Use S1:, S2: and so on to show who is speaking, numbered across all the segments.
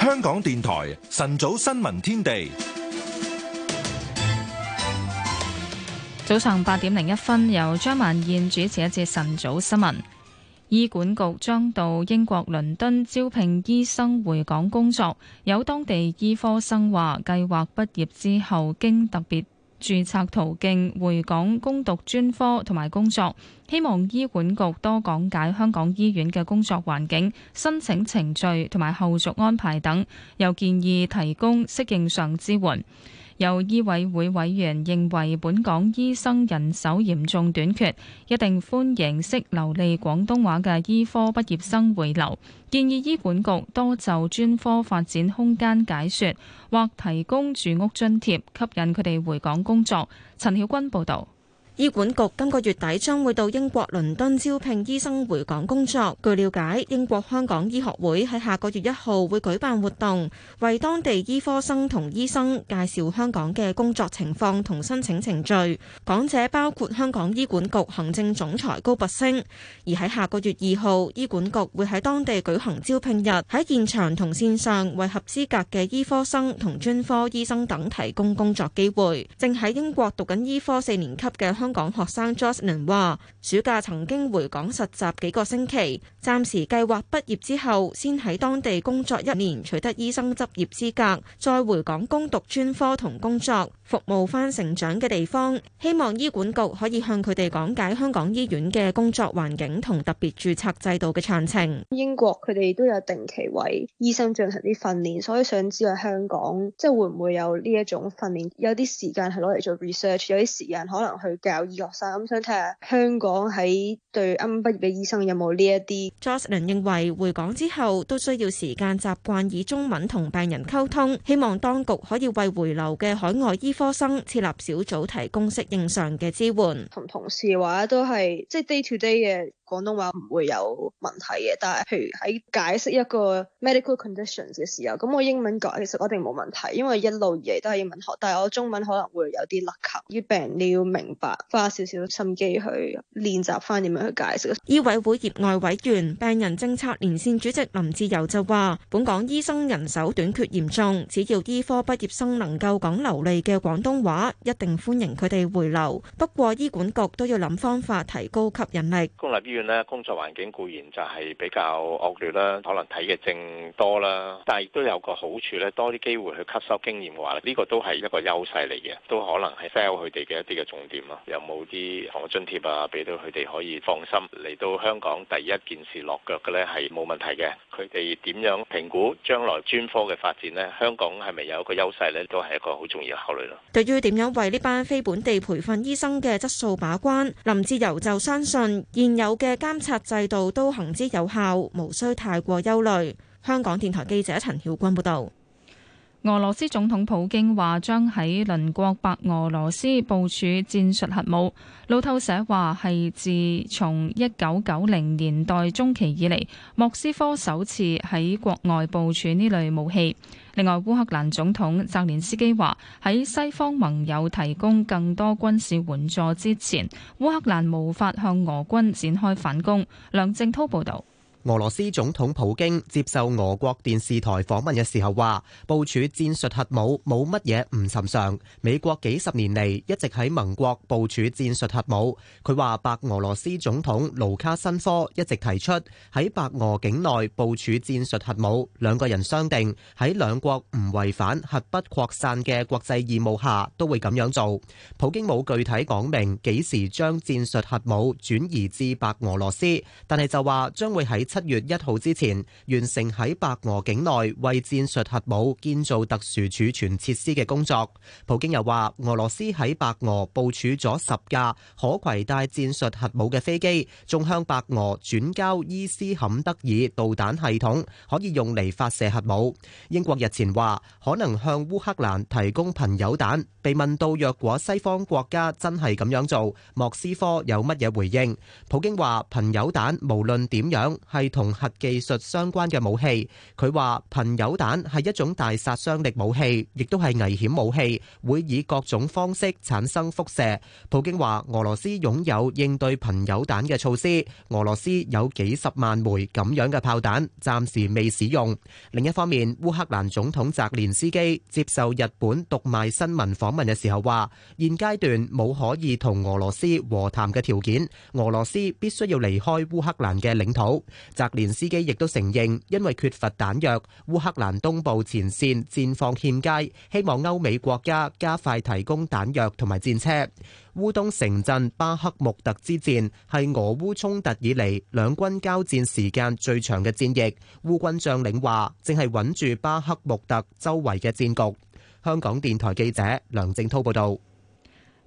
S1: 香港電台晨早新聞天地，
S2: 早上八點零一分，由張曼燕主持一節晨早新聞。醫管局將到英國倫敦招聘醫生回港工作，有當地醫科生話計劃畢業之後經特別註冊途徑回港攻讀專科同埋工作，希望醫管局多講解香港醫院嘅工作環境、申請程序同埋後續安排等，又建議提供適應上支援。有醫委會委員認為本港醫生人手嚴重短缺，一定歡迎識流利廣東話嘅醫科畢業生回流，建議醫管局多就專科發展空間解說，或提供住屋津貼，吸引佢哋回港工作。陳曉君報道。
S3: 醫管局今個月底將會到英國倫敦招聘醫生回港工作。據了解，英國香港醫學會喺下個月一號會舉辦活動，為當地醫科生同醫生介紹香港嘅工作情況同申請程序。講者包括香港醫管局行政總裁高拔升。而喺下個月二號，醫管局會喺當地舉行招聘日，喺現場同線上為合資格嘅醫科生同專科醫生等提供工作機會。正喺英國讀緊醫科四年級嘅香香港學生 Joshua 話：暑假曾經回港實習幾個星期，暫時計劃畢業之後先喺當地工作一年，取得醫生執業資格，再回港攻讀專科同工作。服務翻成長嘅地方，希望醫管局可以向佢哋講解香港醫院嘅工作環境同特別註冊制度嘅詳情。英國佢哋都有定期為醫生進行啲訓練，所以想知道香港即係會唔會有呢一種訓練？有啲時間係攞嚟做 research，有啲時間可能去教醫學生。咁想睇下香港喺對啱啱畢業嘅醫生有冇呢一啲。Jocelyn 認為回港之後都需要時間習慣以中文同病人溝通，希望當局可以為回流嘅海外醫科生設立小組提供適應上嘅支援，同同事話都係即係 day to day 嘅。廣東話唔會有問題嘅，但係譬如喺解釋一個 medical conditions 嘅時候，咁我英文講其實我一定冇問題，因為一路以嚟都係英文學，但係我中文可能會有啲甩琴。啲病人要明白，花少少心機去練習返點樣去解釋。醫委會業外委員、病人政策連線主席林志釉就話：本港醫生人手短缺嚴重，只要醫科畢業生能夠講流利嘅廣東話，一定歡迎佢哋回流。不過醫管局都要諗方法提高吸引力。
S1: 工作環境固然就係比較惡劣啦，可能睇嘅症多啦，但係亦都有個好處咧，多啲機會去吸收經驗嘅話，呢個都係一個優勢嚟嘅，都可能係 sell 佢哋嘅一啲嘅重點咯。有冇啲房屋津貼啊，俾到佢哋可以放心嚟到香港第一件事落腳嘅咧，係冇問題嘅。佢哋點樣評估將來專科嘅發展呢？香港係咪有一個優勢呢？都係一個好重要考慮咯。
S3: 對於點樣為呢班非本地培訓醫生嘅質素把關，林志游就相信現有嘅。嘅監察制度都行之有效，無需太過憂慮。香港電台記者陳曉君報道。
S2: 俄羅斯總統普京話將喺鄰國白俄羅斯部署戰術核武。路透社話係自從一九九零年代中期以嚟，莫斯科首次喺國外部署呢類武器。另外，烏克蘭總統澤連斯基話喺西方盟友提供更多軍事援助之前，烏克蘭無法向俄軍展開反攻。梁正滔報導。
S4: 俄羅斯總統普京接受俄國電視台訪問嘅時候話，部署戰術核武冇乜嘢唔尋常。美國幾十年嚟一直喺盟國部署戰術核武。佢話白俄羅斯總統盧卡申科一直提出喺白俄境內部署戰術核武，兩個人商定喺兩國唔違反核不擴散嘅國際義務下都會咁樣做。普京冇具體講明幾時將戰術核武轉移至白俄羅斯，但係就話將會喺。七月一號之前完成喺白俄境內為戰術核武建造特殊儲存設施嘅工作。普京又話：俄羅斯喺白俄部署咗十架可攜帶戰術核武嘅飛機，仲向白俄轉交伊斯坎德爾導彈系統，可以用嚟發射核武。英國日前話可能向烏克蘭提供貧鈾彈。被問到若果西方國家真係咁樣做，莫斯科有乜嘢回應？普京話：貧鈾彈無論點樣係。係同核技術相關嘅武器，佢話貧鈾彈係一種大殺傷力武器，亦都係危險武器，會以各種方式產生輻射。普京話俄羅斯擁有應對貧鈾彈嘅措施，俄羅斯有幾十萬枚咁樣嘅炮彈，暫時未使用。另一方面，烏克蘭總統澤連斯基接受日本讀賣新聞訪問嘅時候話，現階段冇可以同俄羅斯和談嘅條件，俄羅斯必須要離開烏克蘭嘅領土。澤連斯基亦都承認，因為缺乏彈藥，烏克蘭東部前綫戰況欠佳，希望歐美國家加快提供彈藥同埋戰車。烏東城鎮巴克穆特之戰係俄烏衝突以嚟兩軍交戰時間最長嘅戰役。烏軍將領話，正係穩住巴克穆特周圍嘅戰局。香港電台記者梁正濤報道。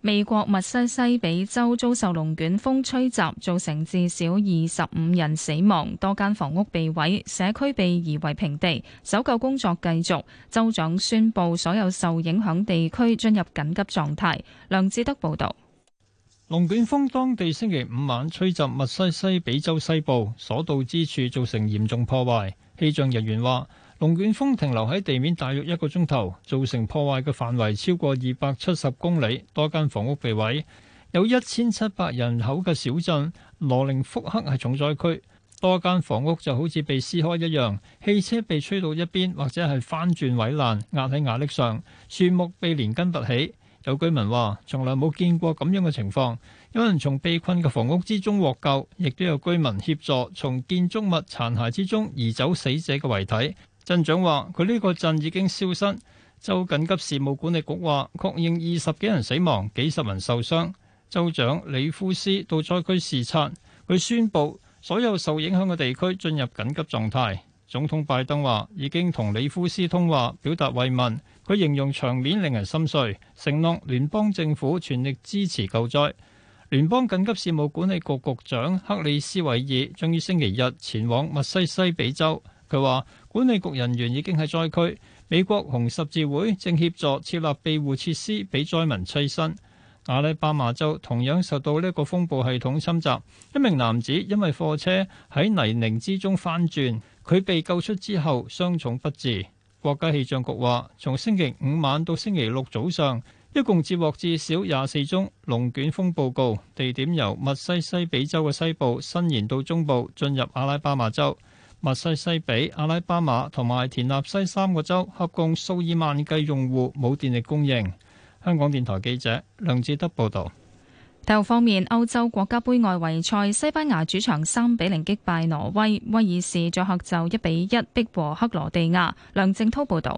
S2: 美國密西西比州遭受龍捲風吹襲，造成至少二十五人死亡，多間房屋被毀，社區被夷為平地，搜救工作繼續。州長宣布所有受影響地區進入緊急狀態。梁志德報道：
S1: 龍捲風當地星期五晚吹襲密西西比州西部，所到之處造成嚴重破壞。氣象人員話：龍捲風停留喺地面大約一個鐘頭，造成破壞嘅範圍超過二百七十公里，多間房屋被毀。有一千七百人口嘅小鎮羅寧福克係重災區，多間房屋就好似被撕開一樣，汽車被吹到一邊或者係翻轉毀爛，壓喺瓦礫上，樹木被連根拔起。有居民話，從來冇見過咁樣嘅情況。有人從被困嘅房屋之中獲救，亦都有居民協助從建築物殘骸之中移走死者嘅遺體。鎮長話：佢呢個鎮已經消失。州緊急事務管理局話確認二十幾人死亡，幾十人受傷。州長李夫斯到災區視察，佢宣布所有受影響嘅地區進入緊急狀態。總統拜登話已經同李夫斯通話，表達慰問。佢形容場面令人心碎，承諾聯邦政府全力支持救災。聯邦緊急事務管理局局長克里斯維爾將於星期日前往密西西比州。佢話。管理局人員已經喺災區，美國紅十字會正協助設立庇護設施俾災民棲身。阿拉巴馬州同樣受到呢個風暴系統侵襲，一名男子因為貨車喺泥濘之中翻轉，佢被救出之後傷重不治。國家氣象局話，從星期五晚到星期六早上，一共接獲至少廿四宗龍捲風報告，地點由密西西比州嘅西部伸延到中部，進入阿拉巴馬州。密西西比、阿拉巴馬同埋田納西三個州，合共數以萬計用戶冇電力供應。香港電台記者梁志德報道。
S2: 體育方面，歐洲國家杯外圍賽，西班牙主場三比零擊敗挪威，威爾士作客就一比一逼和克羅地亞。梁正滔報道。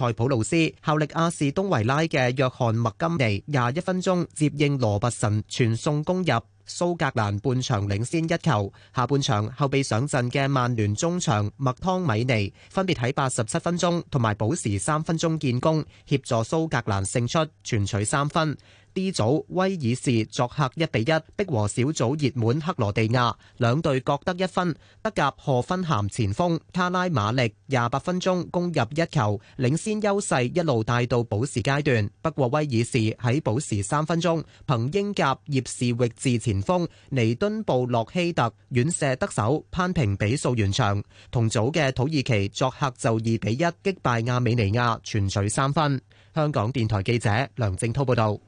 S4: 塞普路斯，效力阿士東維拉嘅約翰麥金尼，廿一分鐘接應羅拔臣傳送，攻入蘇格蘭半場領先一球，下半場後備上陣嘅曼聯中場麥湯米尼分別喺八十七分鐘同埋補時三分鐘建功，協助蘇格蘭勝出，全取三分。D 組威爾士作客一比一逼和小組熱門克羅地亞，兩隊各得一分。德甲賀芬咸前鋒卡拉馬力廿八分鐘攻入一球，領先優勢一路帶到補時階段。不過威爾士喺補時三分鐘，憑英甲葉士域治前鋒尼敦布洛希特遠射得手，攀平比數完場。同組嘅土耳其作客就二比一擊敗亞美尼亞，全取三分。香港電台記者梁靜濤報道。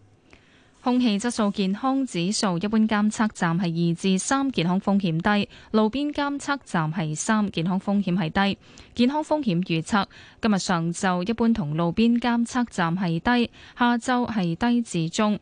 S2: 空氣質素健康指數一般監測站係二至三，健康風險低；路邊監測站係三，健康風險係低。健康風險預測今日上晝一般同路邊監測站係低，下晝係低至中。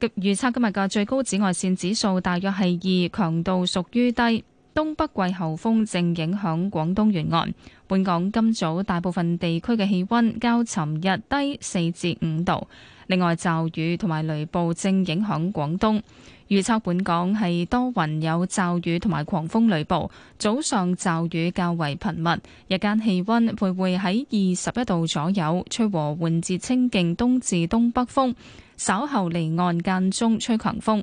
S2: 預測今日嘅最高紫外線指數大約係二，強度屬於低。東北季候風正影響廣東沿岸，本港今早大部分地區嘅氣温較尋日低四至五度。另外，驟雨同埋雷暴正影響廣東，預測本港係多雲有驟雨同埋狂風雷暴，早上驟雨較為頻密，日間氣温徘徊喺二十一度左右，吹和緩至清勁東至東北風，稍後離岸間中吹強風。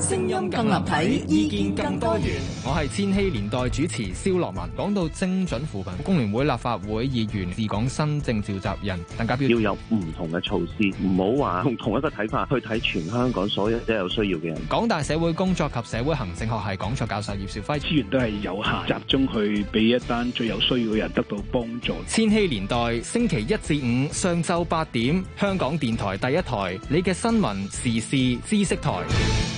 S1: 聲音更立體，意見更多元。我係千禧年代主持蕭樂文。講到精準扶貧，工聯會立法會議員、自港新政召集人鄧家彪，要有唔同嘅措施，唔好話用
S4: 同一個睇法，去睇全香港所有都有需要嘅人。
S1: 港大社會工作及社會行政學系講座教授葉兆輝，資源都係有限，集中去俾一單最有需要嘅人得到幫助。千禧年代星期一至五上晝八點，香港電台第一台，你嘅新聞時事知識台。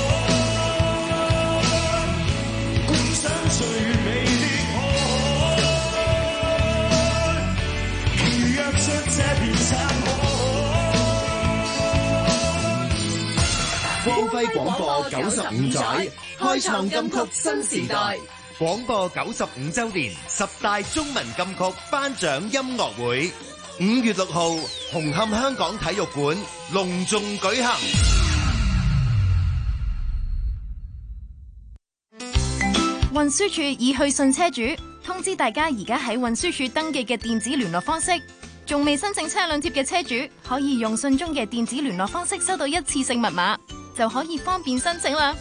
S4: 廣播九十五載，開創金曲新時代。廣播九十五周年十大中文金曲頒獎音樂會五月六號，紅磡香港體育館隆重舉行。
S2: 運輸處已去信車主，通知大家而家喺運輸處登記嘅電子聯絡方式，仲未申請車輛貼嘅車主，可以用信中嘅電子聯絡方式收到一次性密碼。就可以方便申請啦。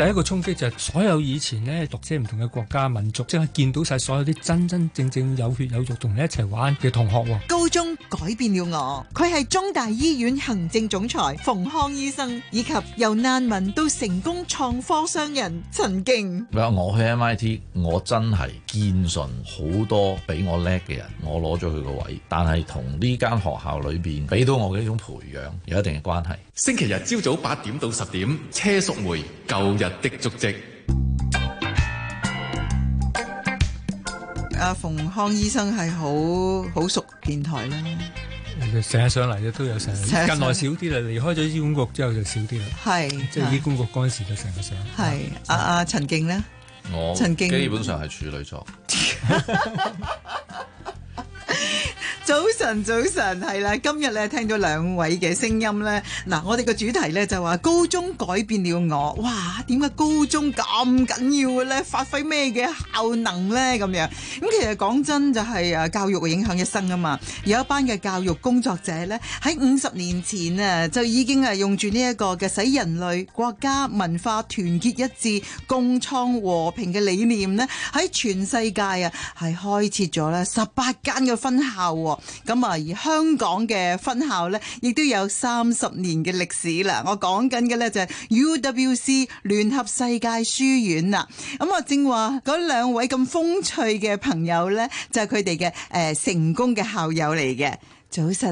S1: 第一個衝擊就係所有以前咧讀者唔同嘅國家民族，即係見到晒所有啲真真正正有血有肉同你一齊玩嘅同學。
S5: 高中改變了我，佢係中大醫院行政總裁馮康醫生，以及由難民到成功創科商人陳敬。
S4: 唔係我去 MIT，我真係
S1: 堅信好多比我叻嘅人，我攞咗佢個位，但係同呢間學校裏面俾到我嘅一種培養有一定嘅關係。星期日朝早八點到十點，車淑梅舊日的足跡。
S5: 阿馮康醫生係好好熟電台
S1: 啦，成日上嚟嘅都有成日，近來少啲啦，離開咗醫管局之後就少啲啦。係，即係醫管局嗰陣時就成日上。係是，
S5: 阿阿陳敬咧，陳呢我陳勁勁基本上係
S1: 處女座。
S5: 早晨，早晨，係啦，今日咧聽到兩位嘅聲音咧，嗱，我哋嘅主題咧就話高中改變了我，哇，點解高中咁緊要嘅咧？發揮咩嘅效能咧？咁樣，咁其實講真就係誒，教育影響一生啊嘛。有一班嘅教育工作者咧，喺五十年前啊就已經係用住呢一個嘅使人類、國家、文化團結一致、共創和平嘅理念咧，喺全世界啊係開設咗咧十八間嘅分校喎。咁啊，而香港嘅分校咧，亦都有三十年嘅歷史啦。我講緊嘅咧就係 UWC 聯合世界書院啦。咁啊，正話嗰兩位咁風趣嘅朋友咧，就係佢哋嘅誒成功嘅校友嚟嘅。早晨。